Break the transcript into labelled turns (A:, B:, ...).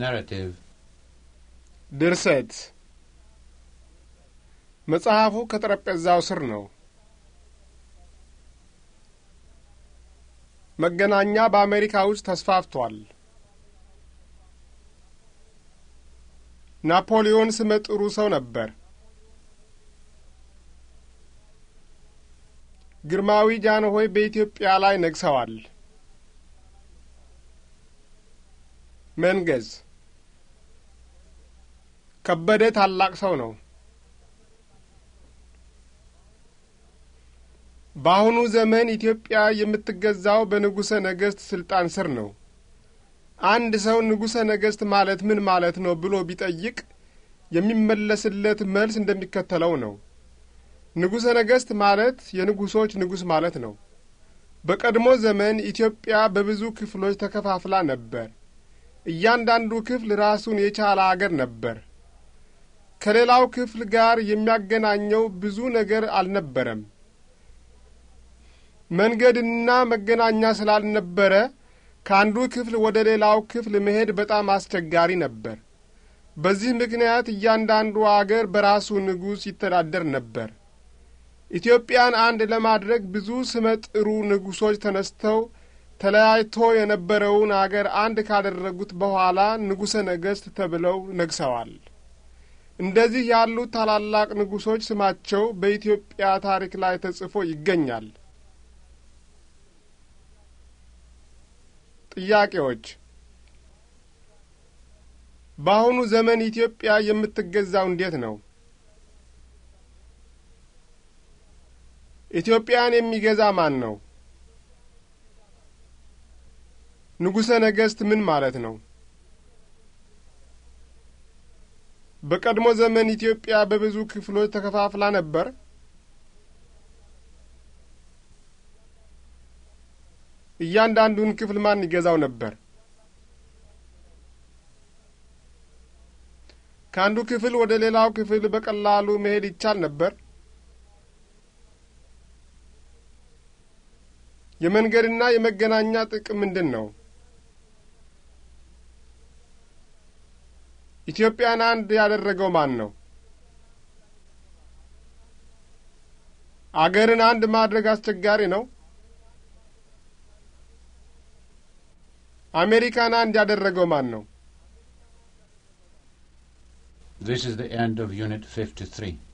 A: ናራቲቭ ድርሰት መጽሐፉ ከጠረጴዛው ስር ነው። መገናኛ በአሜሪካ ውስጥ ተስፋፍቷል። ናፖሊዮን ስመ ጥሩ ሰው ነበር። ግርማዊ ጃንሆይ በኢትዮጵያ ላይ ነግሰዋል። መንገዝ ከበደ ታላቅ ሰው ነው። በአሁኑ ዘመን ኢትዮጵያ የምትገዛው በንጉሠ ነገሥት ሥልጣን ስር ነው። አንድ ሰው ንጉሠ ነገሥት ማለት ምን ማለት ነው ብሎ ቢጠይቅ የሚመለስለት መልስ እንደሚከተለው ነው። ንጉሠ ነገሥት ማለት የንጉሶች ንጉሥ ማለት ነው። በቀድሞ ዘመን ኢትዮጵያ በብዙ ክፍሎች ተከፋፍላ ነበር። እያንዳንዱ ክፍል ራሱን የቻለ አገር ነበር። ከሌላው ክፍል ጋር የሚያገናኘው ብዙ ነገር አልነበረም። መንገድና መገናኛ ስላልነበረ ከአንዱ ክፍል ወደ ሌላው ክፍል መሄድ በጣም አስቸጋሪ ነበር። በዚህ ምክንያት እያንዳንዱ አገር በራሱ ንጉሥ ይተዳደር ነበር። ኢትዮጵያን አንድ ለማድረግ ብዙ ስመጥሩ ንጉሶች ተነስተው ተለያይቶ የነበረውን አገር አንድ ካደረጉት በኋላ ንጉሠ ነገሥት ተብለው ነግሰዋል። እንደዚህ ያሉ ታላላቅ ንጉሶች ስማቸው በኢትዮጵያ ታሪክ ላይ ተጽፎ ይገኛል። ጥያቄዎች በአሁኑ ዘመን ኢትዮጵያ የምትገዛው እንዴት ነው? ኢትዮጵያን የሚገዛ ማን ነው? ንጉሠ ነገሥት ምን ማለት ነው? በቀድሞ ዘመን ኢትዮጵያ በብዙ ክፍሎች ተከፋፍላ ነበር። እያንዳንዱን ክፍል ማን ይገዛው ነበር? ከአንዱ ክፍል ወደ ሌላው ክፍል በቀላሉ መሄድ ይቻል ነበር? የመንገድና የመገናኛ ጥቅም ምንድን ነው? ኢትዮጵያን አንድ ያደረገው ማን ነው? አገርን አንድ ማድረግ አስቸጋሪ ነው። አሜሪካን አንድ ያደረገው ማን ነው? This is the end of Unit 53.